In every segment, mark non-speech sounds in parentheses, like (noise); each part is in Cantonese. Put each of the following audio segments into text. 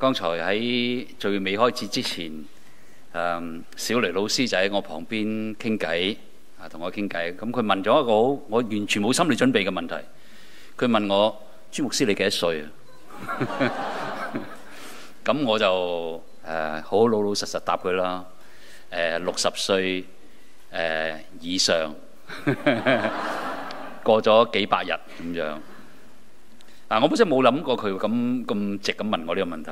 剛才喺聚會未開始之前，誒小雷老師就喺我旁邊傾偈，啊同我傾偈，咁佢問咗一個我完全冇心理準備嘅問題，佢問我朱牧師，你幾多歲啊？咁 (laughs) 我就誒、呃、好，好老老實實答佢啦，誒六十歲誒以上， (laughs) 過咗幾百日咁樣。嗱、啊，我本身冇諗過佢會咁咁直咁問我呢個問題，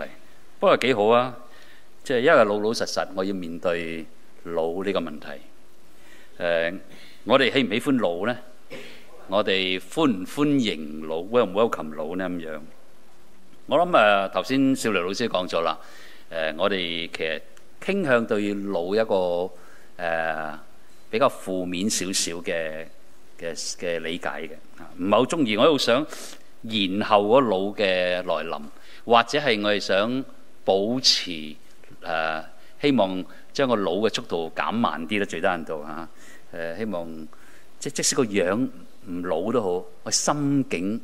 不過幾好啊。即係因為老老實實，我要面對老呢個問題。誒、啊，我哋喜唔喜歡老呢？我哋歡唔歡迎老 (coughs) ，welcome 老呢？咁樣。我諗啊，頭先少雷老師講咗啦。誒、啊，我哋其實傾向對老一個誒、啊、比較負面少少嘅嘅嘅理解嘅，唔係好中意。我喺度想。然後嗰老嘅來臨，或者係我哋想保持誒、呃，希望將個老嘅速度減慢啲咧，最低限度嚇。誒、啊，希望即即使個樣唔老都好，我心境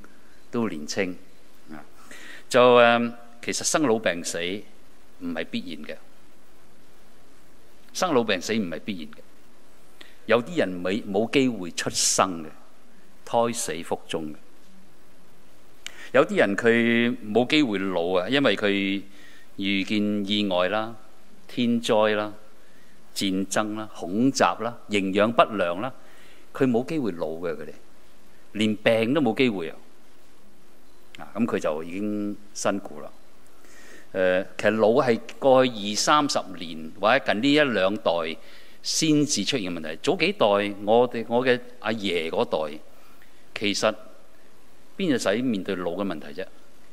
都年輕、啊、就誒、呃，其實生老病死唔係必然嘅，生老病死唔係必然嘅。有啲人未冇機會出生嘅，胎死腹中嘅。有啲人佢冇機會老啊，因為佢遇見意外啦、天災啦、戰爭啦、恐襲啦、營養不良啦，佢冇機會老嘅佢哋，連病都冇機會啊！啊，咁佢就已經辛苦啦。誒，其實老係過去二三十年或者近呢一兩代先至出現嘅問題，早幾代我哋，我嘅阿爺嗰代其實。邊又使面對老嘅問題啫？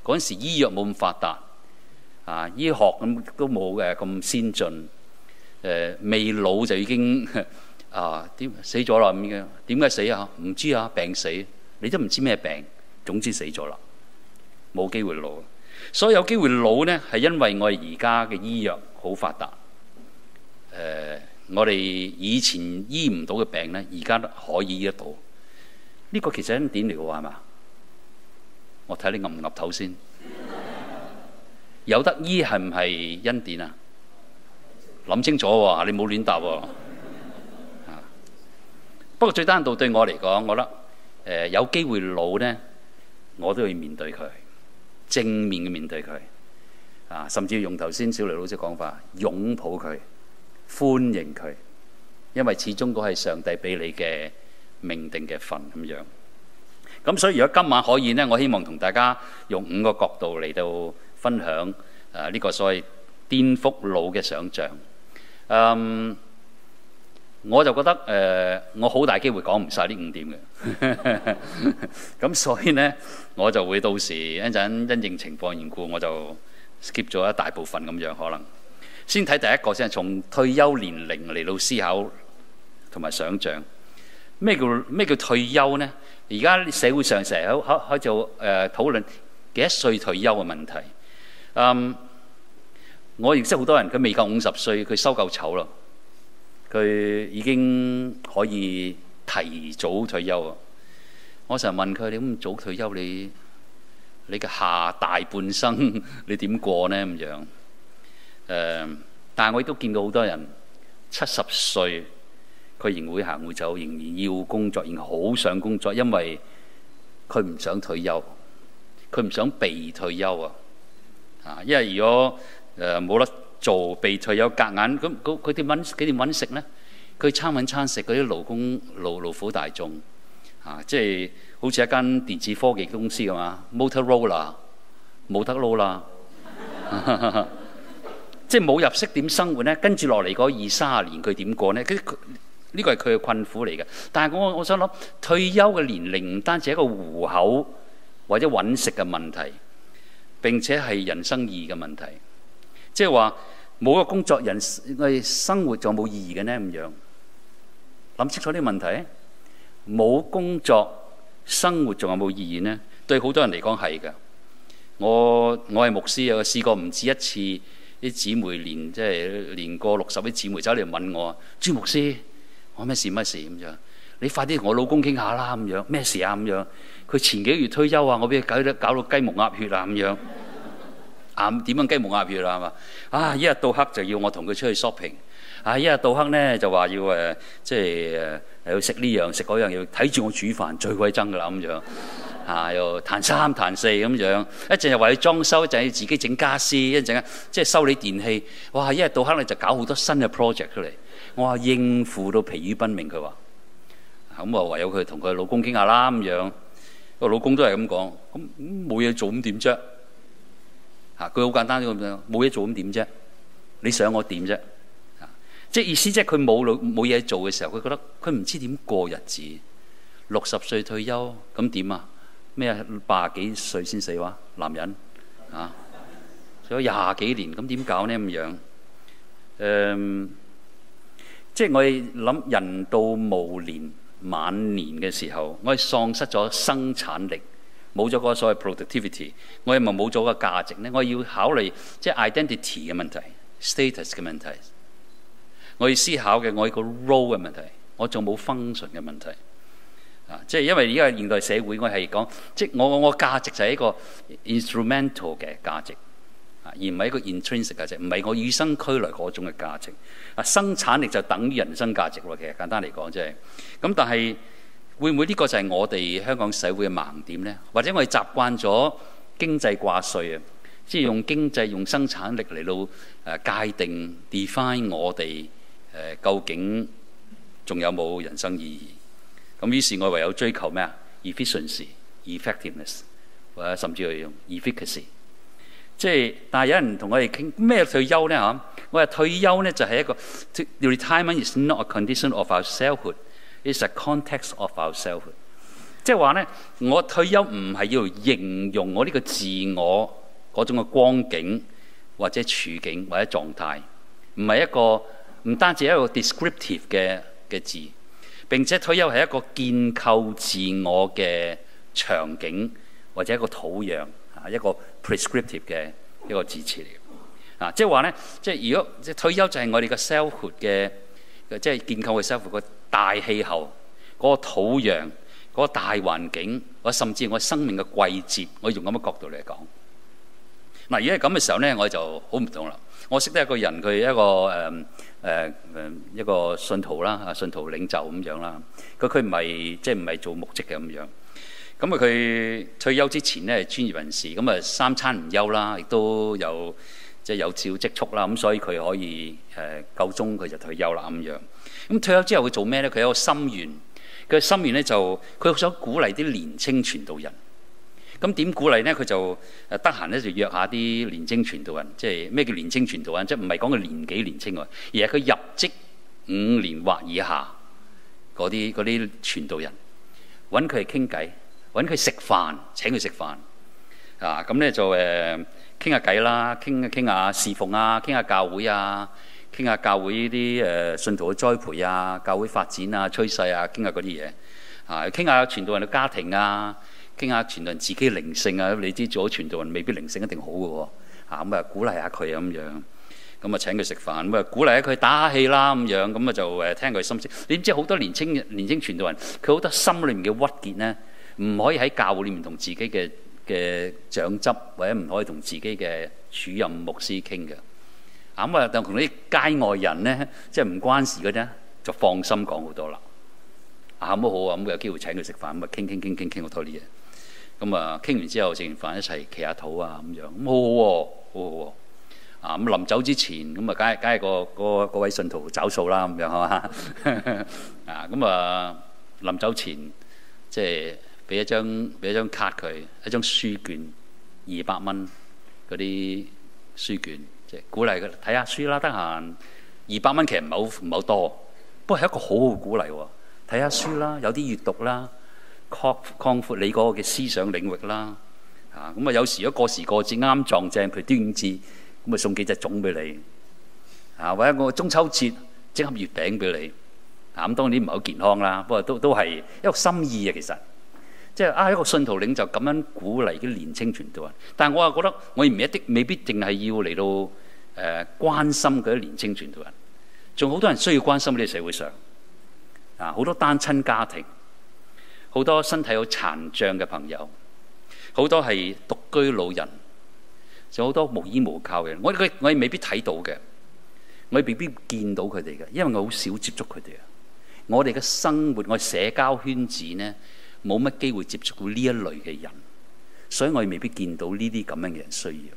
嗰陣時醫藥冇咁發達啊，醫學咁都冇誒咁先進誒、啊，未老就已經啊點死咗啦咁嘅點解死啊？唔知啊，病死你都唔知咩病，總之死咗啦，冇機會老。所以有機會老呢，係因為我而家嘅醫藥好發達誒、啊。我哋以前醫唔到嘅病呢，而家可以醫得到。呢、呢個其實一點嚟嘅喎，係嘛？我睇你岌唔岌頭先，有得醫係唔係恩典啊？諗清楚喎、啊，你冇亂答喎、啊 (laughs) 啊。不過最低限度對我嚟講，我覺得、呃、有機會老呢，我都要面對佢，正面嘅面對佢、啊、甚至要用頭先小雷老師講法，擁抱佢，歡迎佢，因為始終都係上帝俾你嘅命定嘅份咁樣。咁所以如果今晚可以呢，我希望同大家用五個角度嚟到分享誒呢、呃呢個所謂顛覆老嘅想像。嗯，我就覺得誒、呃、我好大機會講唔晒呢五點嘅，咁 (laughs) 所以呢，我就會到時一陣因應情況緣故，我就 skip 咗一大部分咁樣可能。先睇第一個先，從退休年齡嚟到思考同埋想象，咩叫咩叫退休呢？而家社會上成日喺喺度誒討論幾多歲退休嘅問題。嗯，um，我認識好多人，佢未夠五十歲，佢收夠酬啦，佢已經可以提早退休。我成日問佢：你咁早退休，你你嘅下大半生你點過呢？咁樣誒，但係我亦都見過好多人七十歲。佢仍然會行會走，仍然要工作，仍然好想工作，因為佢唔想退休，佢唔想被退休啊！啊，因為如果誒冇得做被退休夾硬，咁佢點揾幾點揾食呢？佢餐揾餐食，啲勞工勞勞苦大眾啊，即係好似一間電子科技公司咁嘛，Motorola，冇得撈啦！ (laughs) (laughs) 即係冇入息點生活呢。跟住落嚟嗰二三十年佢點過呢？呢個係佢嘅困苦嚟嘅，但係我我想諗退休嘅年齡唔單止係一個糊口或者揾食嘅問題，並且係人生意義嘅問題。即係話冇個工作人生活仲有冇意義嘅呢？咁樣諗清楚呢個問題，冇工作生活仲有冇意義呢？對好多人嚟講係嘅。我我係牧師，我試過唔止一次啲姊妹年，即係年過六十啲姊妹走嚟問我啊，朱牧師。講咩事咩事咁樣？你快啲同我老公傾下啦咁、啊、樣。咩事啊咁樣？佢前幾月退休啊，我俾佢搞到搞到雞毛鴨血啊咁樣。啊，點樣雞毛鴨血啊嘛？啊，一日到黑就要我同佢出去 shopping。啊，一日到黑咧就話要誒、呃，即係誒、呃，要食呢樣食嗰樣，要睇住我煮飯最鬼憎㗎啦咁樣。啊，又彈三彈四咁樣。一陣又話要裝修，一陣要自己整家私，一陣間即係修理電器。哇、啊！一日到黑咧就搞好多新嘅 project 出嚟。我話應付到疲於奔命，佢話咁啊，唯有佢同佢老公傾下啦咁樣。個老公都係咁講，咁冇嘢做咁點啫？嚇佢好簡單啫咁樣，冇嘢做咁點啫？你想我點啫？即、啊、係意思即係佢冇冇嘢做嘅時候，佢覺得佢唔知點過日子。六十歲退休咁點啊？咩啊？八幾歲先死話？男人啊，仲有廿幾年咁點搞呢？咁樣誒？嗯即係我哋諗人到暮年晚年嘅時候，我哋喪失咗生產力，冇咗嗰個所謂的 productivity，我係咪冇咗個價值咧？我要考慮即係 identity 嘅問題、status 嘅問題，我要思考嘅我有一個 role 嘅問題，我仲冇 function 嘅問題。啊，即係因為呢個現代社會，我係講即係我我價值就係一個 instrumental 嘅價值。而唔係一個 intrinsic 價值，唔係我與生俱來嗰種嘅價值。啊，生產力就等於人生價值喎。其實簡單嚟講，即係咁。但係會唔會呢個就係我哋香港社會嘅盲點呢？或者因為習慣咗經濟掛帥啊，即係用經濟用生產力嚟到誒界定 define 我哋誒究竟仲有冇人生意義？咁於是，我唯有追求咩啊？efficiency、effectiveness，或者甚至係用 efficacy。即係，但係有人同我哋傾咩退休呢？嚇？我話退休呢就係一個 Retirement is not a condition of our selfhood; it's a context of our selfhood。即係話呢，我退休唔係要形容我呢個自我嗰種嘅光景，或者處境或者狀態，唔係一個唔單止一個 descriptive 嘅嘅字。並且退休係一個建構自我嘅場景，或者一個土壤。係一個 prescriptive 嘅一個字詞嚟嘅，啊，即係話咧，即係如果即退休就係我哋個 selfhood 嘅，即係結構嘅 selfhood 個大氣候、嗰、那個土壤、嗰、那個大環境，我、那個、甚至我生命嘅季節，我用咁嘅角度嚟講。嗱、啊，而喺咁嘅時候咧，我就好唔同啦。我識得一個人，佢一個誒誒誒一個信徒啦，啊，信徒領袖咁樣啦，佢佢唔係即係唔係做牧職嘅咁樣。咁啊！佢退休之前咧，專業人士咁啊，三餐唔憂啦，亦都有即係、就是、有照積蓄啦，咁所以佢可以誒夠鐘佢就退休啦咁樣。咁退休之後佢做咩咧？佢有個心願，佢個心願咧就佢好想鼓勵啲年青傳道人。咁點鼓勵咧？佢就誒得閒咧就約下啲年青傳道人，即係咩叫年青傳道人？即係唔係講佢年紀年青喎，而係佢入職五年或以下嗰啲啲傳道人揾佢嚟傾偈。搵佢食飯，請佢食飯啊！咁咧就誒傾下偈啦，傾傾下侍奉啊，傾下教會啊，傾下教會呢啲誒信徒嘅栽培啊，教會發展啊趨勢啊，傾下嗰啲嘢啊，傾下傳道人嘅家庭啊，傾下傳道人自己嘅靈性啊。你知做咗傳道人未必靈性一定好嘅喎啊！咁啊，就鼓勵下佢啊咁樣咁啊，就請佢食飯咁啊，鼓勵下佢打下氣啦咁樣咁啊，就誒聽佢心聲。你知好多年青年青傳道人，佢好多心裏面嘅鬱結咧。唔可以喺教會裏面同自己嘅嘅長執或者唔可以同自己嘅主任牧師傾嘅。啊咁啊，但同啲街外人咧，即係唔關事嘅啫，就放心講好多啦。啊咁好啊，咁、嗯、有機會請佢食飯，咁、嗯、啊傾傾傾傾傾好多啲嘢。咁啊傾完之後食完飯一齊企下肚啊咁樣，咁好好、啊、喎，好、啊、好喎、啊。啊咁、啊、臨走之前，咁啊梗係梗係個個，個位信徒找數啦咁樣係嘛。啊咁啊，啊，啊臨走前即係。俾一張，俾一張卡佢，一張書券二百蚊，嗰啲書券，即係鼓勵佢睇下書啦。得閒。二百蚊其實唔係好唔係好多，不過係一個好好鼓勵喎。睇下書啦，有啲閲讀啦，擴擴闊你嗰個嘅思想領域啦。啊咁啊，有時如果過時過節啱撞正佢端午節咁啊，送幾隻粽俾你啊，或者一個中秋節整盒月餅俾你啊。咁當然唔係好健康啦，不過都都係一個心意啊。其實～即係啊！一個信徒領袖咁樣鼓勵啲年青傳道人，但係我又覺得我唔一定未必定係要嚟到誒、呃、關心嗰啲年青傳道人，仲好多人需要關心呢個社會上啊！好多單親家庭，好多身體有殘障嘅朋友，好多係獨居老人，仲好多無依無靠嘅人。我我我係未必睇到嘅，我未必見到佢哋嘅，因為我好少接觸佢哋啊。我哋嘅生活，我社交圈子呢，冇乜機會接觸過呢一類嘅人，所以我亦未必見到呢啲咁樣嘅人需要。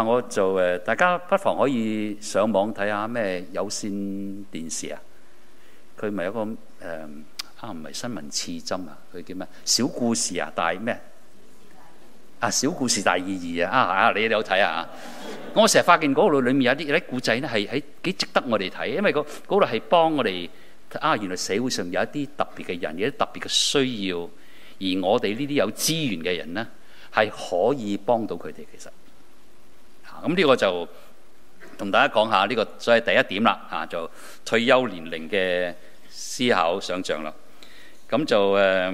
啊，我就誒、呃，大家不妨可以上網睇下咩有線電視啊，佢咪有個誒啊唔係新聞刺針啊，佢、啊、叫咩？小故事啊，大咩？啊，小故事大意義啊！啊，你哋好睇啊！ (laughs) 我成日發現嗰度裏面有啲有啲故仔咧，係喺幾值得我哋睇，因為嗰度係幫我哋。啊！原來社會上有一啲特別嘅人，有啲特別嘅需要，而我哋呢啲有資源嘅人呢，係可以幫到佢哋。其實嚇，咁、啊、呢個就同大家講下呢、這個，所以第一點啦嚇、啊，就退休年齡嘅思考想像啦。咁就誒、呃、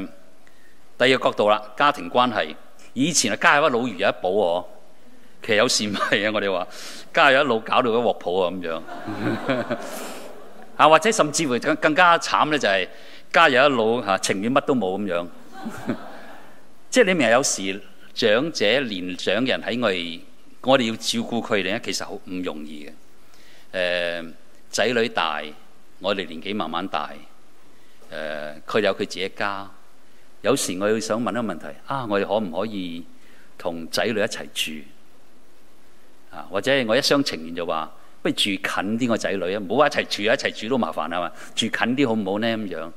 第二個角度啦，家庭關係。以前啊，家有一老如有一寶哦，其實有時唔係啊，我哋話家有一老搞到一鑊泡啊咁樣。 (laughs) 啊，或者甚至乎更更加慘咧，就係家有一老，啊、情願乜都冇咁樣。即 (laughs) 係你明，有時長者年長人喺我哋，我哋要照顧佢哋咧，其實好唔容易嘅。誒、呃，仔女大，我哋年紀慢慢大，誒、呃，佢有佢自己家。有時我要想問一個問題，啊，我哋可唔可以同仔女一齊住？啊，或者我一廂情願就話。住近啲個仔女啊，唔好一齊住，一齊住都麻煩啊嘛，住近啲好唔好呢？咁樣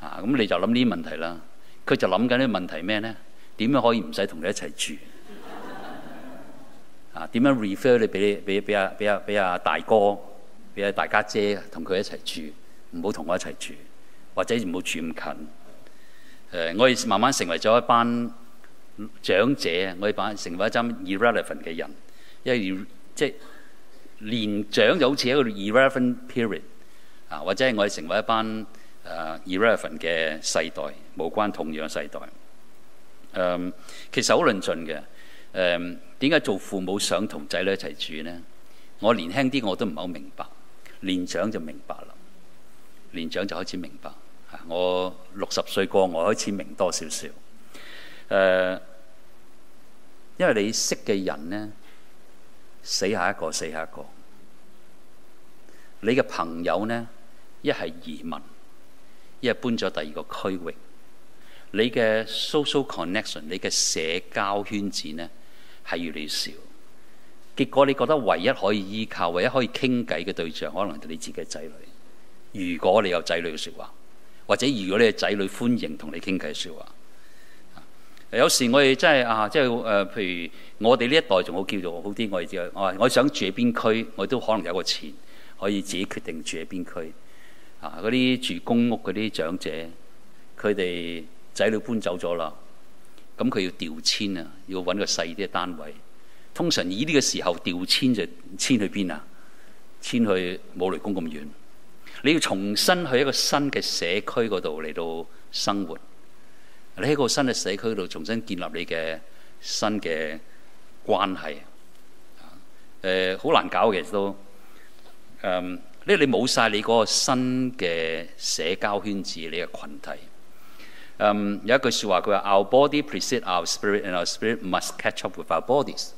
啊，咁你就諗呢啲問題啦。佢就諗緊啲問題咩呢？點樣可以唔使同你一齊住啊？點樣 refer 你俾俾俾阿俾阿俾阿大哥，俾阿大家姐同佢一齊住，唔好同我一齊住，或者唔好住咁近。誒、啊，我哋慢慢成為咗一班長者，我哋把成為一針 irrelevant 嘅人，因為即年長就好似一個 irrelevant period 啊，或者我哋成為一班、啊、irrelevant 嘅世代，無關痛癢嘅世代。嗯、其實好論盡嘅。誒、嗯，點解做父母想同仔女一齊住呢？我年輕啲我都唔係好明白，年長就明白啦。年長就開始明白、啊。我六十歲過，我開始明多少少。誒、啊，因為你識嘅人呢。死下一個，死下一個。你嘅朋友呢？一係移民，一係搬咗第二個區域。你嘅 social connection，你嘅社交圈子呢，係越嚟越少。結果你覺得唯一可以依靠、唯一可以傾偈嘅對象，可能係你自己嘅仔女。如果你有仔女嘅說話，或者如果你嘅仔女歡迎同你傾偈嘅説話。有時我哋真係啊，即係誒，譬如我哋呢一代仲好叫做好啲，我哋就啊，我想住喺邊區，我都可能有個錢可以自己決定住喺邊區。啊，嗰啲住公屋嗰啲長者，佢哋仔女搬走咗啦，咁佢要調遷啊，要揾個細啲嘅單位。通常以呢個時候調遷就遷去邊啊？遷去冇雷公咁遠，你要重新去一個新嘅社區嗰度嚟到生活。你喺個新嘅社區度重新建立你嘅新嘅關係啊！好、呃、難搞嘅都誒，嗯、你了你冇晒你嗰個新嘅社交圈子，你嘅群體誒、嗯、有一句説話，佢話 Our body precedes our spirit，and our spirit must catch up with our bodies，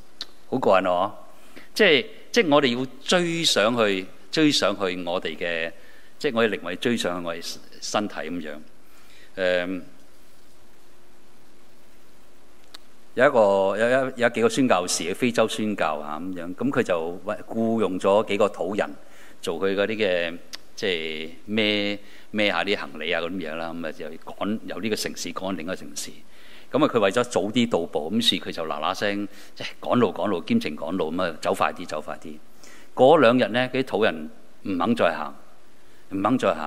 好過癮哦！即係即係我哋要追上去，追上去我哋嘅即係我哋靈魂追上去我哋身體咁樣誒。嗯有一個有有有幾個宣教士喺非洲宣教嚇咁樣，咁佢就屈僱用咗幾個土人做佢嗰啲嘅，即係孭孭下啲行李啊，咁樣啦。咁啊，就趕由呢個城市趕另一個城市。咁啊，佢為咗早啲到步，咁於是佢就嗱嗱聲即係趕路趕路兼程趕路咁啊，走快啲走快啲。嗰兩日咧，啲土人唔肯再行，唔肯再行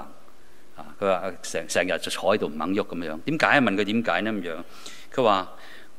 啊！佢話成成日就坐喺度唔肯喐咁樣。點解啊？問佢點解呢？咁樣，佢話、so。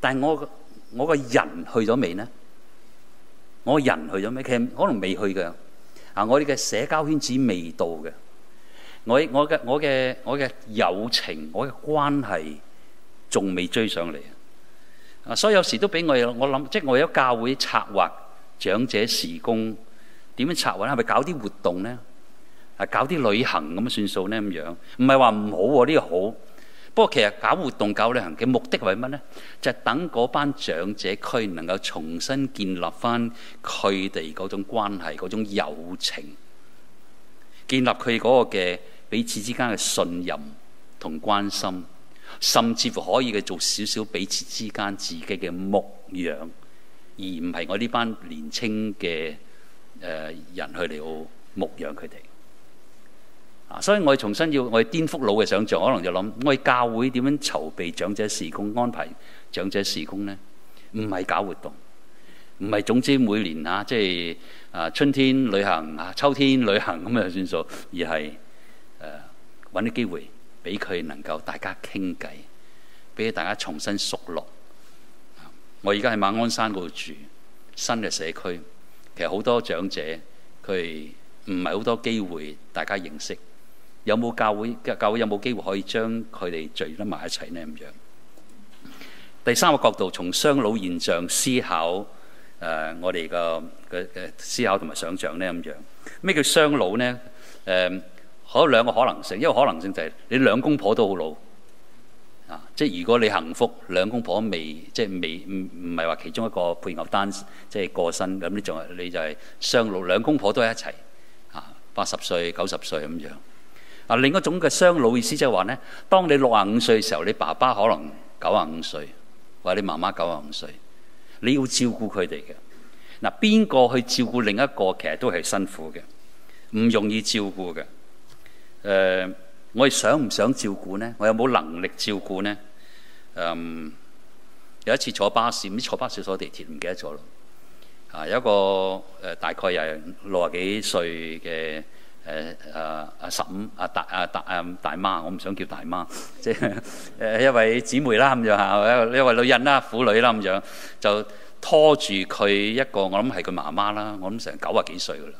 但係我個我個人去咗未呢？我個人去咗未？其實可能未去嘅啊！我哋嘅社交圈子未到嘅，我我嘅我嘅我嘅友情，我嘅關係仲未追上嚟啊！所以有時都俾我有我諗，即係我有教會策劃長者時工，點樣策劃？係咪搞啲活動呢？啊，搞啲旅行咁算數呢？咁樣唔係話唔好喎，呢個好。不過其實搞活動搞旅行嘅目的係乜呢？就係等嗰班長者區能夠重新建立翻佢哋嗰種關係、嗰種友情，建立佢嗰個嘅彼此之間嘅信任同關心，甚至乎可以去做少少彼此之間自己嘅牧養。而唔係我呢班年輕嘅誒人去嚟到牧養佢哋。啊！所以我哋重新要我哋顛覆老嘅想像，可能就諗我哋教會點樣籌備長者事工、安排長者事工咧？唔係搞活動，唔係總之每年嚇、啊、即係啊春天旅行啊秋天旅行咁樣，就算數，而係誒搵啲機會俾佢能夠大家傾偈，俾大家重新熟絡。我而家喺馬鞍山嗰度住新嘅社區，其實好多長者佢唔係好多機會大家認識。有冇教會，教會有冇機會可以將佢哋聚得埋一齊呢？咁樣第三個角度，從雙老現象思考誒、呃，我哋個嘅嘅思考同埋想像呢。咁樣咩叫雙老呢？誒、呃、可兩個可能性，一個可能性就係你兩公婆都好老啊，即係如果你幸福，兩公婆未即係未唔唔係話其中一個配偶單即係、就係、過身，咁你仲係你就係雙老，兩公婆都喺一齊啊，八十歲九十歲咁樣。嗱，另一種嘅雙老意思即係話呢，當你六十五歲嘅時候，你爸爸可能九啊五歲，或者你媽媽九啊五歲，你要照顧佢哋嘅。嗱、啊，邊個去照顧另一個，其實都係辛苦嘅，唔容易照顧嘅。誒、呃，我係想唔想照顧呢？我有冇能力照顧呢？嗯，有一次坐巴士，唔知坐巴士坐地鐵，唔記得咗啦。啊，有一個、呃、大概又係六啊幾歲嘅。誒啊啊！嬸啊,啊,啊,啊大啊大啊大媽，我唔想叫大媽，即係誒一位姊妹啦咁樣吓，一位女人啦婦女啦咁樣，就拖住佢一個，我諗係佢媽媽啦，我諗成九啊幾歲噶啦。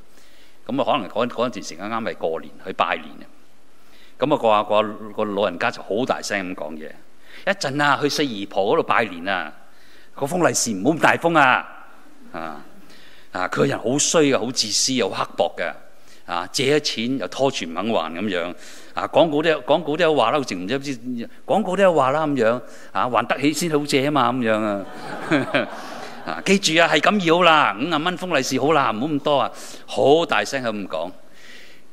咁啊，可能嗰嗰陣時啱啱係過年去拜年嘅。咁、那、啊、個，個、那個個老人家就好大聲咁講嘢，一陣啊去細姨婆嗰度拜年啊，個封利是唔好咁大封啊啊啊！佢、啊啊、人好衰嘅，好自私又刻薄嘅。啊！借咗錢又拖住唔肯還咁樣啊，啊！廣告都有廣告都有話啦，成唔知啲廣告都有話啦咁樣啊！還得起先好借啊嘛咁樣啊！啊， (laughs) 啊！記住啊，係咁意好啦，五十蚊封利是好啦，唔好咁多啊！好大聲咁講，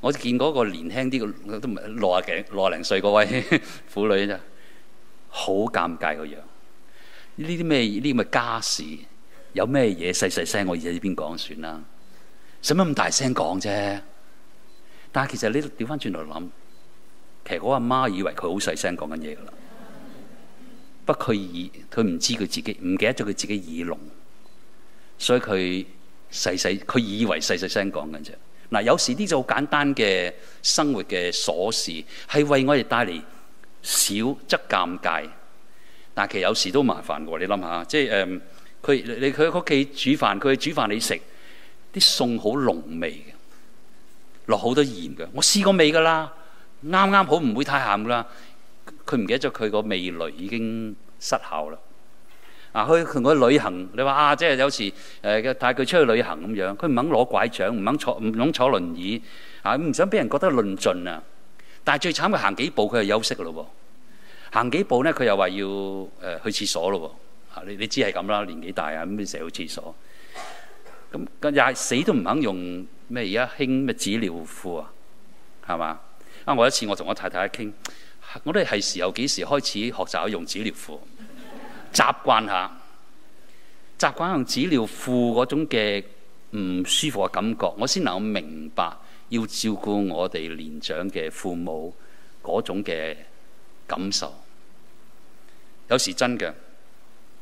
我見嗰個年輕啲嘅都唔係六啊幾六零歲嗰位 (laughs) 婦女咋，好尷尬個樣。呢啲咩？呢啲咩家事？有咩嘢細細聲？我而家呢邊講算啦？使乜咁大聲講啫？但係其實你調翻轉頭諗，其實我阿媽，媽以為佢好細聲講緊嘢㗎啦。不佢耳，佢唔知佢自己唔記得咗佢自己耳聾，所以佢細細佢以為細細聲講緊啫。嗱、啊，有時呢種簡單嘅生活嘅瑣事係為我哋帶嚟少則尷尬。但、啊、係其實有時都麻煩㗎喎，你諗下，即係誒佢你佢喺屋企煮飯，佢煮飯，煮飯你食啲餸好濃味嘅。落好多鹽嘅，我試過味㗎啦，啱啱好唔會太鹹㗎啦。佢唔記得咗佢個味蕾已經失效啦。啊，去同佢旅行，你話啊，即係有時誒帶佢出去旅行咁樣，佢唔肯攞拐杖，唔肯坐唔肯坐輪椅啊，唔想俾人覺得論盡啊。但係最慘係行幾步佢就休息咯喎，行幾步咧佢又話要誒去廁所咯喎。你你知係咁啦，年紀大啊，咁你成日去廁所，咁佢也死都唔肯用。咩而家興咩紙尿褲啊，係嘛？啊！我一次我同我太太傾，我哋係時候幾時開始學習用紙尿褲，習慣下，習慣用紙尿褲嗰種嘅唔舒服嘅感覺，我先能夠明白要照顧我哋年長嘅父母嗰種嘅感受。有時真嘅，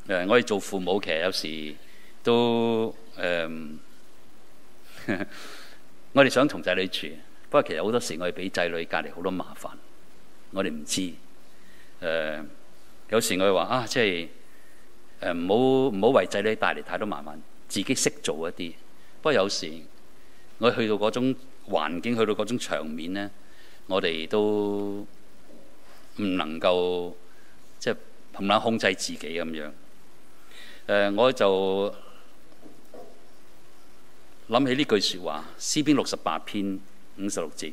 誒我哋做父母其實有時都、嗯 (laughs) 我哋想同仔女住，不過其實好多時我哋俾仔女隔離好多麻煩，我哋唔知。誒、呃，有時我哋話啊，即係誒，唔好唔好為仔女帶嚟太多麻煩，自己識做一啲。不過有時我去到嗰種環境，去到嗰種場面咧，我哋都唔能夠即係憑冷控制自己咁樣。誒、呃，我就。諗起呢句說話，《詩篇》六十八篇五十六節，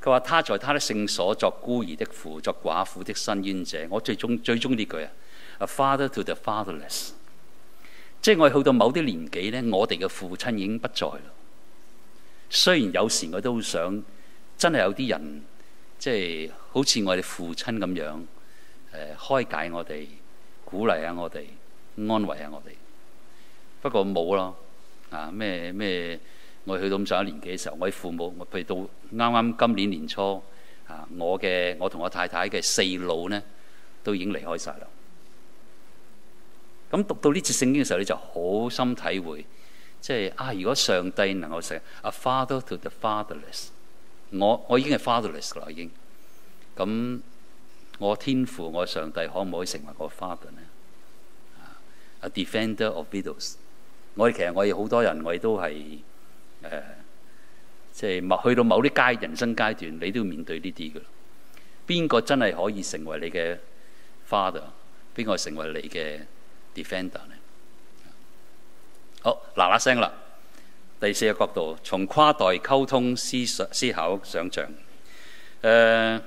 佢話他在他的聖所作孤兒的父，作寡婦的伸冤者。我最終最終呢句啊，A Father to the fatherless，即係我哋去到某啲年紀呢，我哋嘅父親已經不在了。雖然有時我都好想真的，真係有啲人即係好似我哋父親咁樣，誒，開解我哋，鼓勵下我哋，安慰下我哋，不過冇咯。啊！咩咩？我去到咁上一年紀嘅時候，我啲父母，我譬如到啱啱今年年初，啊！我嘅我同我太太嘅四老呢，都已經離開晒啦。咁讀到呢節聖經嘅時候，你就好深體會，即係啊！如果上帝能夠成 a father to the fatherless，我我已經係 fatherless 啦，已經。咁我天父，我上帝可唔可以成為個 father 呢？啊，a defender of widows。我哋其實我哋好多人，我哋都係誒，即係去到某啲階人生階段，你都要面對呢啲噶。邊個真係可以成為你嘅 father？邊個成為你嘅 defender 咧？好，嗱嗱聲啦！第四個角度，從跨代溝通、思想、思考、想像、呃。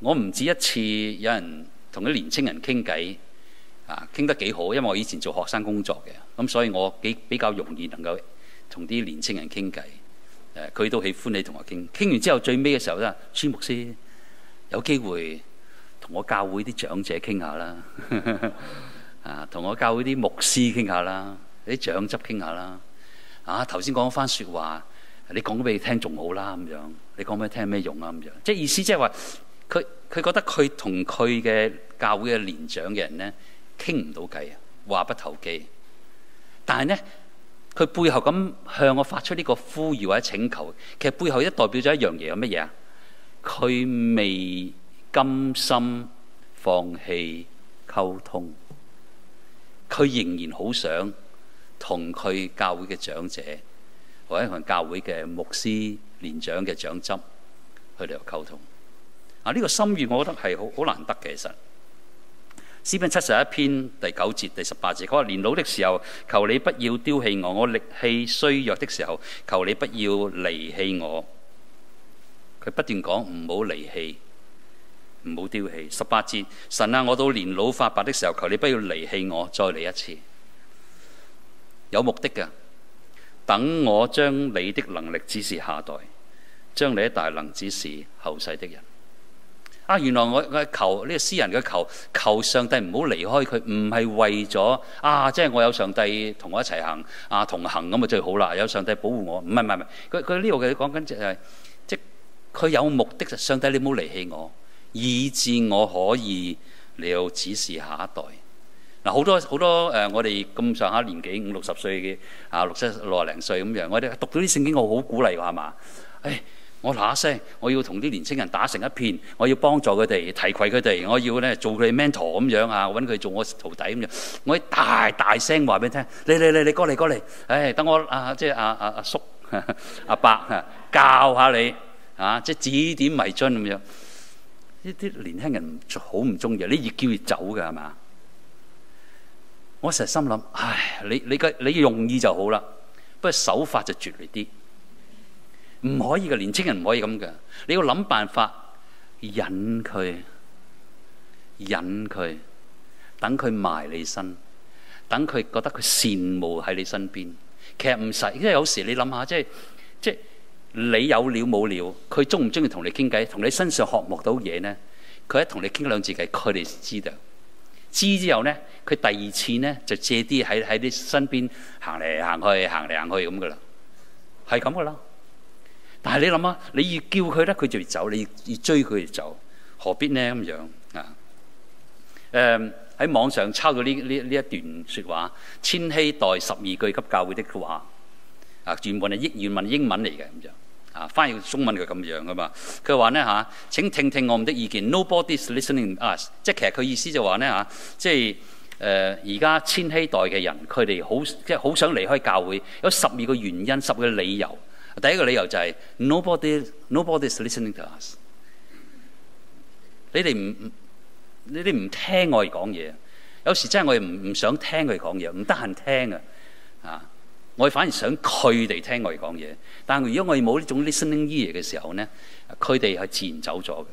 我唔止一次有人同啲年青人傾偈。啊，傾得幾好，因為我以前做學生工作嘅，咁所以我幾比較容易能夠同啲年青人傾偈。誒、啊，佢都喜歡你同我傾，傾完之後，最尾嘅時候咧，孫牧師有機會同我教會啲長者傾下啦。啊，同我教會啲牧師傾下啦，啲長執傾下啦。啊，頭先講翻説話，你講俾佢聽仲好啦，咁樣你講俾佢聽咩用啊？咁樣即係意思、就是，即係話佢佢覺得佢同佢嘅教會嘅年長嘅人咧。傾唔到計啊，話不投機。但係呢，佢背後咁向我發出呢個呼籲或者請求，其實背後一代表咗一樣嘢，有乜嘢啊？佢未甘心放棄溝通，佢仍然好想同佢教會嘅長者或者同教會嘅牧師年長嘅長執去嚟度溝通。啊，呢、呢個心願我覺得係好好難得嘅，其實。詩篇七十一篇第九節第十八節，佢話年老的時候，求你不要丟棄我；我力氣衰弱的時候，求你不要離棄我。佢不斷講唔好離棄，唔好丟棄。十八節，神啊，我到年老髮白的時候，求你不要離棄我。再嚟一次，有目的嘅，等我將你的能力指示下代，將你嘅大能指示後世的人。啊！原來我嘅求呢、呢個私人嘅求，求上帝唔好離開佢，唔係為咗啊，即係我有上帝同我一齊行啊，同行咁咪最好啦，有上帝保護我。唔係唔係唔係，佢佢呢度嘅講緊即係，即係佢有目的就上帝，你唔好離棄我，以致我可以你要指示下一代。嗱、啊、好多好多誒、呃，我哋咁上下年紀五六十歲嘅啊，六七六廿零歲咁樣，我哋讀到啲聖經，我好鼓勵㗎嘛。我嗱嗱聲，我要同啲年青人打成一片，我要幫助佢哋，提攜佢哋，我要咧做佢哋 mentor 咁樣啊，揾佢做我徒弟咁樣。我大大聲話俾你聽，你嚟嚟你過嚟過嚟，唉、哎，等我啊，即係阿阿阿叔、阿、啊、伯、啊、教下你啊，即係指點迷津咁樣。呢、啊、啲年輕人好唔中意，你越叫越走嘅係嘛？我成日心諗，唉，你你嘅你用意就好啦，不過手法就絕離啲。唔可以嘅，年青人唔可以咁嘅。你要諗辦法引佢，引佢，等佢埋你身，等佢覺得佢羨慕喺你身邊。其實唔使，因為有時你諗下，即係即係你有料冇料，佢中唔中意同你傾偈，同你身上學冇到嘢咧。佢一同你傾兩字偈，佢哋知道知之後咧，佢第二次咧就借啲喺喺你身邊行嚟行去行嚟行去咁噶啦，係咁噶啦。但係你諗下，你越叫佢咧，佢就越走；你越追佢越走，何必呢？咁樣啊？誒、嗯，喺網上抄到呢呢呢一段説話，千禧代十二句給教會的話啊，原本係英原文是英文嚟嘅咁樣啊，翻譯中文佢咁樣噶嘛？佢話呢，嚇、啊：請聽聽我們的意見。Nobody's listening to us，即係其實佢意思就話呢，嚇，即係誒而家千禧代嘅人，佢哋好即係好想離開教會，有十二個原因，十個理由。.第一個理由就係、是、nobody nobody is listening to us 你，你哋唔你哋唔聽我哋講嘢，有時真係我哋唔唔想聽佢哋講嘢，唔得閒聽啊！啊，我哋反而想佢哋聽我哋講嘢，但係如果我哋冇呢種 listening ear 嘅時候咧，佢哋係自然走咗嘅。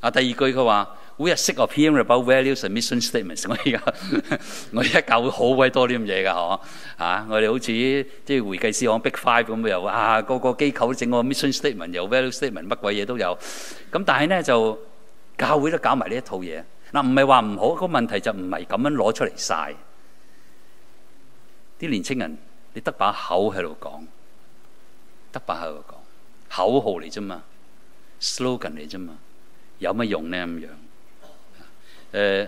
啊！第二句佢話：我一識個 about values and mission statements，我而家 (laughs) 我而家教會好鬼多啲咁嘢㗎嗬！啊！我哋好似即係會計師行 Big Five 咁又啊，個個機構整個 mission statement 又 value statement 乜鬼嘢都有。咁但係咧就教會都搞埋呢一套嘢。嗱、啊，唔係話唔好，個問題就唔係咁樣攞出嚟晒，啲年青人，你得把口喺度講，得把口喺度講，口號嚟啫嘛，slogan 嚟啫嘛。有乜用呢？咁、嗯、樣？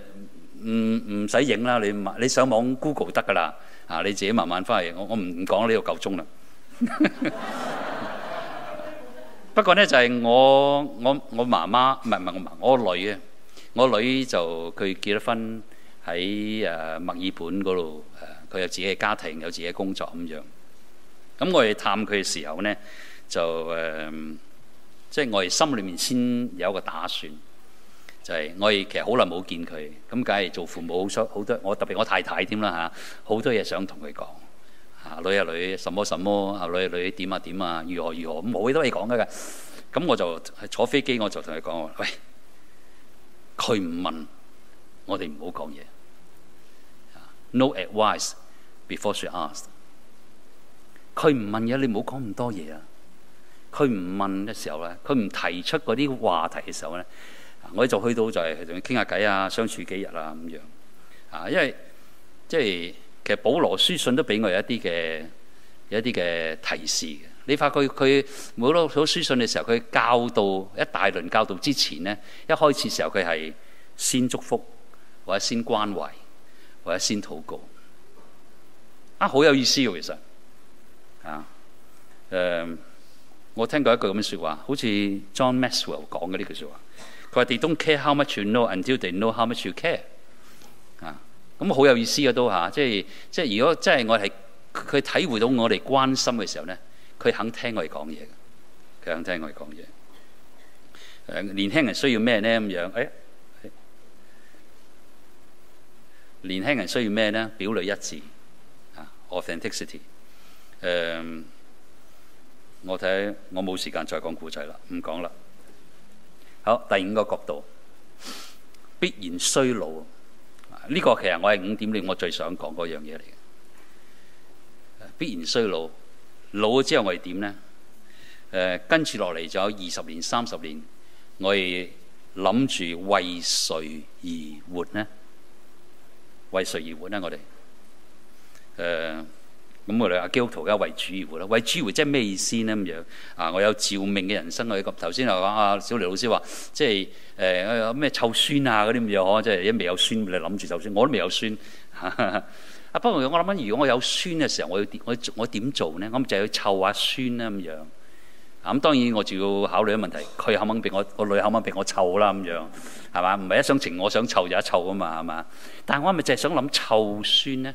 誒，唔唔使影啦，你你上網 Google 得㗎啦。啊，你自己慢慢翻嚟。我我唔講呢個夠鐘啦。 (laughs) 不過呢，就係、是、我我我媽媽唔係唔係我我女啊。我女，我女就佢結咗婚喺誒墨爾本嗰度。佢有自己嘅家庭，有自己嘅工作咁樣。咁我哋探佢嘅時候呢，就誒。嗯即係我哋心裏面先有一個打算，就係、是、我哋其實好耐冇見佢，咁梗係做父母好想好多，我特別我太太添啦嚇，好多嘢想同佢講嚇，女啊女，什麼什麼啊女啊女，點啊點啊，如何如何咁好多嘢講嘅，咁我就坐飛機我就同佢講，喂，佢唔問，我哋唔好講嘢，No advice before she asks，佢唔問嘢，你唔好講咁多嘢啊。佢唔問嘅時候咧，佢唔提出嗰啲話題嘅時候咧，我哋就去到就係同佢傾下偈啊，相處幾日啊咁樣啊，因為即係其實保羅書信都俾我有一啲嘅有一啲嘅提示嘅。你發覺佢冇攞到書信嘅時候，佢教導一大輪教導之前咧，一開始時候佢係先祝福或者先關懷或者先禱告啊，好有意思喎其實啊，誒、嗯。我聽過一句咁樣説話，好似 John Maxwell 講嗰啲句説話，佢話：They don't care how much you know until they know how much you care。啊，咁、嗯嗯、好有意思啊，都嚇，即係即係如果即係我係佢體會到我哋關心嘅時候咧，佢肯聽我哋講嘢嘅，佢肯聽我哋講嘢。年輕人需要咩呢？咁樣？誒、哎，年輕人需要咩呢？表裏一致、啊，authenticity、嗯我睇我冇時間再講古仔啦，唔講啦。好，第五個角度必然衰老。呢個其實我係五點令我最想講嗰樣嘢嚟嘅。必然衰老，老咗之後我哋點呢？誒、呃，跟住落嚟仲有二十年、三十年，我哋諗住為誰而活呢？為誰而活呢？我哋誒。呃咁我哋阿基督徒梗係為主活啦，為主活即係咩意思咧？咁樣啊，我有召命嘅人生，我頭先又講阿小雷老師話即係誒咩湊孫啊嗰啲咁嘢呵，即係一未有孫，你諗住湊孫，我都未有孫。啊，欸呃、啊啊哈哈，不過我諗緊，如果我有孫嘅時候，我要點？我我點做咧？咁就要湊下孫啦，咁樣咁當然我仲要考慮一問題，佢肯唔肯俾我，個女肯唔肯俾我湊啦、啊，咁樣係嘛？唔係一想情我想湊就一湊啊嘛，係嘛？但係我咪就係想諗湊孫咧。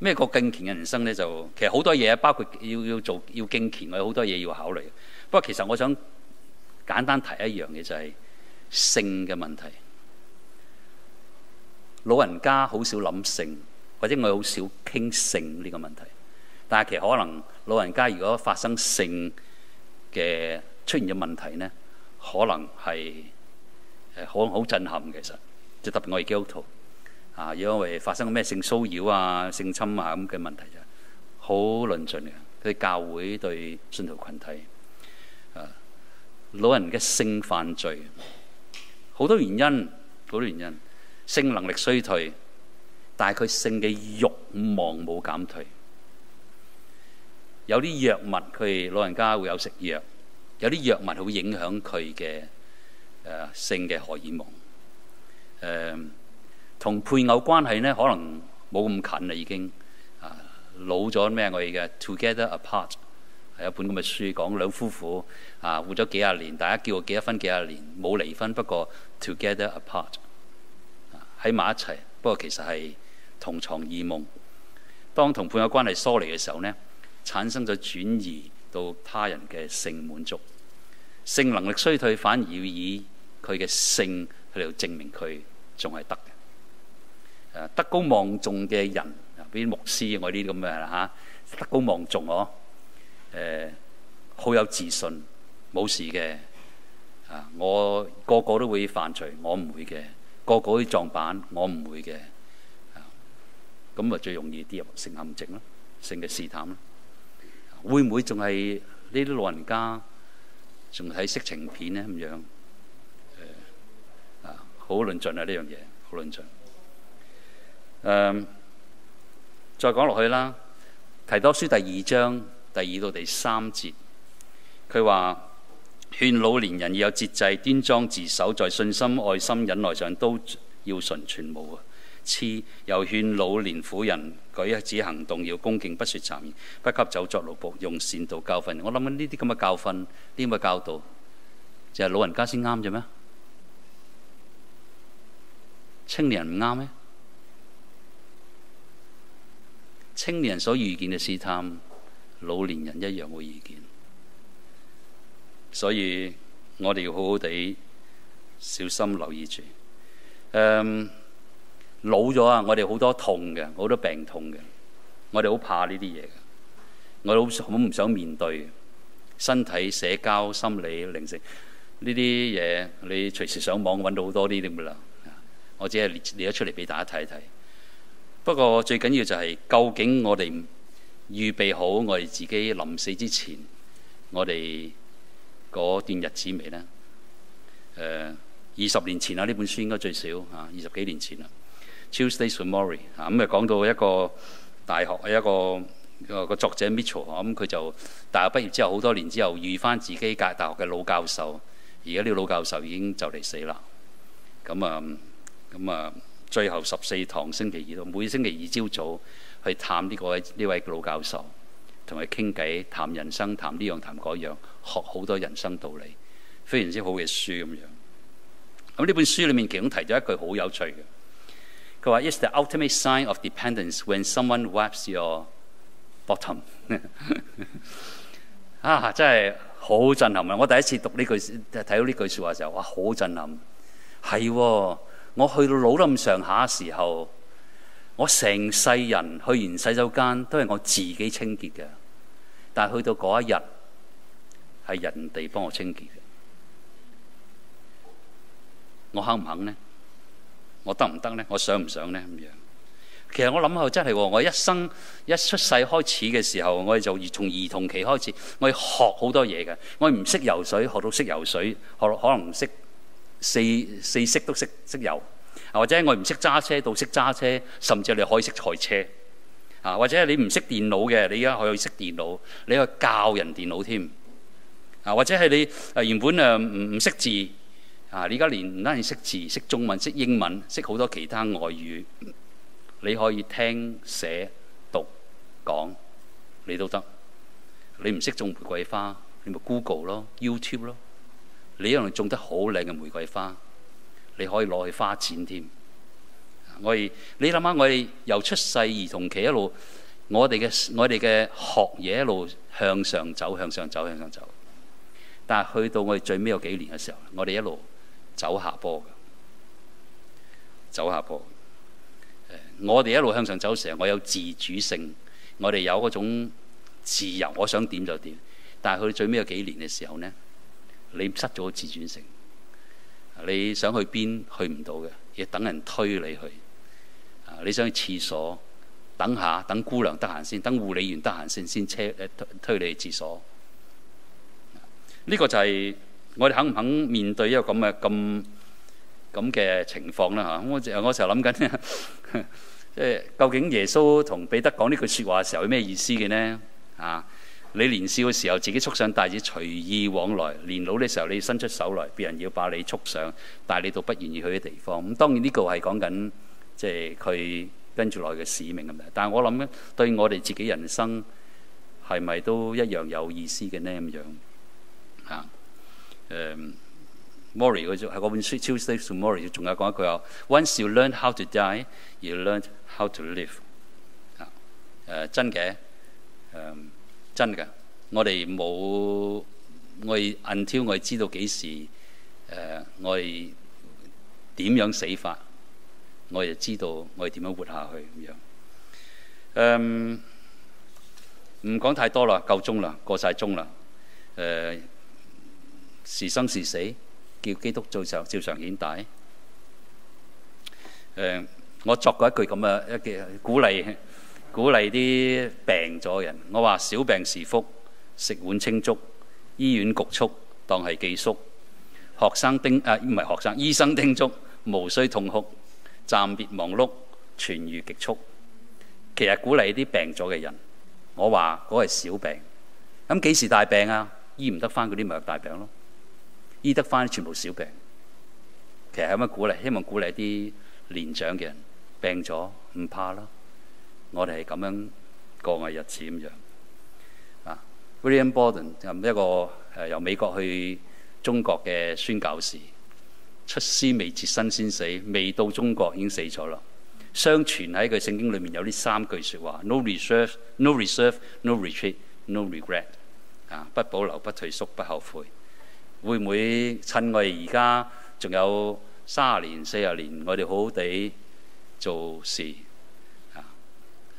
咩叫敬虔嘅人生咧？就其實好多嘢包括要要做要敬虔，我有好多嘢要考慮。不過其實我想簡單提一樣嘅就係、是、性嘅問題。老人家好少諗性，或者我好少傾性呢個問題。但係其實可能老人家如果發生性嘅出現咗問題咧，可能係誒好好震撼其實，即特別我哋基督徒。啊，因為發生咩性騷擾啊、性侵啊咁嘅問題就好論盡嘅。佢教會對信徒群體、啊、老人嘅性犯罪好多原因，好多原因，性能力衰退，但係佢性嘅欲望冇減退，有啲藥物佢老人家會有食藥，有啲藥物會影響佢嘅、啊、性嘅荷爾蒙，啊同配偶關係呢，可能冇咁近啦，已經啊老咗咩？我哋嘅《Together Apart》係一本咁嘅書，講兩夫婦啊活咗幾廿年，大家叫過幾多分幾廿年，冇離婚，不過《Together Apart》喺埋一齊，不過其實係同床異夢。當同配偶關係疏離嘅時候呢，產生咗轉移到他人嘅性滿足，性能力衰退反而要以佢嘅性去度證明佢仲係得。誒德高望重嘅人，比如牧師我啲咁嘅啦嚇，德高望重嗬，誒好有自信，冇事嘅，啊我個個都會犯罪，我唔會嘅，個個都撞板，我唔會嘅，咁咪最容易跌入性陷阱咯，性嘅試探咯，會唔會仲係呢啲老人家仲睇色情片咧咁樣？誒啊，好論盡啊呢樣嘢，好論盡。嗯、再講落去啦。提多書第二章第二到第三節，佢話勸老年人要有節制、端莊自守，在信心、愛心、忍耐上都要純全無疵。次又勸老年婦人舉止行動要恭敬不，不說讒言，不給酒作奴僕，用善道教訓。我諗緊呢啲咁嘅教訓，呢啲咁嘅教導，就係、是、老人家先啱啫咩？青年人唔啱咩？青年人所遇見嘅試探，老年人一樣會遇見，所以我哋要好好地小心留意住。誒、嗯，老咗啊，我哋好多痛嘅，好多病痛嘅，我哋好怕呢啲嘢。我好好唔想面對身體、社交、心理、靈性呢啲嘢。你隨時上網揾到好多呢啲噶啦，我只係列列咗出嚟俾大家睇一睇。不過最緊要就係究竟我哋預備好我哋自己臨死之前我哋嗰段日子未呢、呃？二十年前啊，呢本書應該最少、啊、二十幾年前啦。Tuesdays with Morrie，嚇、啊、咁咪、嗯、講到一個大學嘅一,一,一個作者 Mitchell，咁、啊、佢、嗯、就大學畢業之後好多年之後遇翻自己隔大學嘅老教授，而家呢個老教授已經就嚟死啦。咁啊，咁啊。啊最後十四堂星期二度，每星期二朝早去探呢個呢位老教授，同佢傾偈，談人生，談呢樣談嗰樣，學好多人生道理，非常之好嘅書咁樣。咁呢本書裏面其中提咗一句好有趣嘅，佢話：It's the ultimate sign of dependence when someone wipes your bottom。 (laughs) 啊，真係好震撼！我第一次讀呢句睇到呢句説話嘅時候，哇，好震撼，係、哦。我去到老得咁上下嘅時候，我成世人去完洗手間都係我自己清潔嘅。但去到嗰一日係人哋幫我清潔嘅，我肯唔肯呢？我得唔得呢？我想唔想呢？咁樣其實我諗下真係，我一生一出世開始嘅時候，我哋就從兒童期開始，我哋學好多嘢嘅。我唔識游水，學到識游水，學可能唔識。四四識都識識遊，啊或者我唔識揸車到識揸車，甚至你可以識賽車，啊或者你唔識電腦嘅，你而家可以識電腦，你可以教人電腦添，啊或者係你、呃、原本誒唔唔識字，啊你而家連唔單止識字、識中文、識英文、識好多其他外語，你可以聽、寫、讀、講，你都得。你唔識種玫瑰花，你咪 Google 咯、YouTube 咯。你一樣種得好靚嘅玫瑰花，你可以攞去花展添。我哋你諗下，我哋由出世兒童期一路，我哋嘅我哋嘅學嘢一路向上走，向上走，向上走。但係去到我哋最尾有幾年嘅時候，我哋一路走下坡，走下坡。我哋一路向上走嘅時候，我有自主性，我哋有嗰種自由，我想點就點。但係去到最尾有幾年嘅時候呢？你失咗自轉性，你想去邊去唔到嘅，要等人推你去。啊、你想去廁所，等下等姑娘得閒先，等護理員得閒先先車推、呃、推你去廁所。呢、啊這個就係我哋肯唔肯面對一個咁嘅咁咁嘅情況啦嚇。我就我就諗緊，即 (laughs) 究竟耶穌同彼得講呢句説話嘅時候係咩意思嘅呢？啊！你年少嘅時候自己束上帶子隨意往來，年老嘅時候你伸出手來，別人要把你束上帶你到不願意去嘅地方。咁當然呢個係講緊即係佢跟住落來嘅使命咁樣，但係我諗咧對我哋自己人生係咪都一樣有意思嘅呢？咁樣？嚇、啊，誒，Morrie 佢喺嗰本書《Tuesdays with Morrie》仲有講一句話：Once you learn how to die, you learn how to live。啊啊。真嘅。啊真嘅，我哋冇我哋 until 我哋知道幾時誒，我哋點樣死法，我哋知道我哋點樣活下去咁樣。誒，唔講太多啦，夠鐘啦，過曬鐘啦。誒，是生是死，叫基督做就照常顯大。誒，我作過一句咁嘅一句鼓勵。鼓勵啲病咗嘅人，我話小病是福，食碗清粥，醫院焗促，當係寄宿。學生叮啊，唔係學生，醫生叮囑，無需痛哭，暫別忙碌，痊愈極速。其實鼓勵啲病咗嘅人，我話嗰係小病。咁幾時大病啊？醫唔得翻嗰啲咪大病咯。醫得翻全部小病。其實有咩鼓勵，希望鼓勵啲年長嘅人病咗唔怕咯。我哋係咁樣過嘅日子咁樣啊。William Borden 就一個誒由美國去中國嘅宣教士，出師未捷身先死，未到中國已經死咗啦。相傳喺佢聖經裏面有呢三句説話：no reserve，no reserve，no retreat，no regret。啊，不保留、不退縮、不後悔。會唔會趁我哋而家仲有三十年、四十年，我哋好好地做事？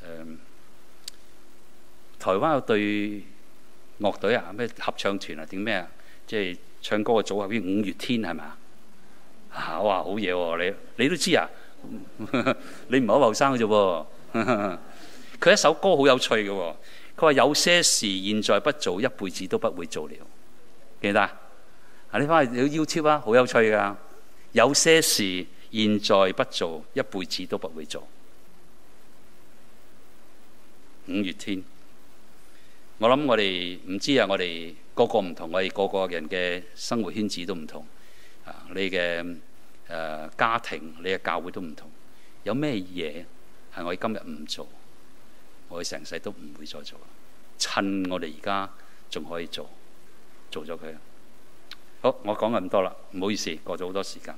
嗯、台灣有隊樂隊啊，咩合唱團啊，點咩、就是、啊？即係唱歌嘅組合，叫五月天係咪啊？好哇，好嘢喎！你你都知啊？你唔係好後生嘅啫喎。佢、啊 (laughs) 啊、 (laughs) 一首歌好有趣嘅、啊。佢話有些事現在不做，一輩子都不會做了。記得啊？你翻去 YouTube 啊，好有趣㗎、啊。有些事現在不做，一輩子都不會做。五月天，我諗我哋唔知啊。我哋個個唔同，我哋個個人嘅生活圈子都唔同啊。你嘅誒家庭，你嘅教會都唔同。有咩嘢係我哋今日唔做，我哋成世都唔會再做。趁我哋而家仲可以做，做咗佢。好，我講咁多啦，唔好意思，過咗好多時間。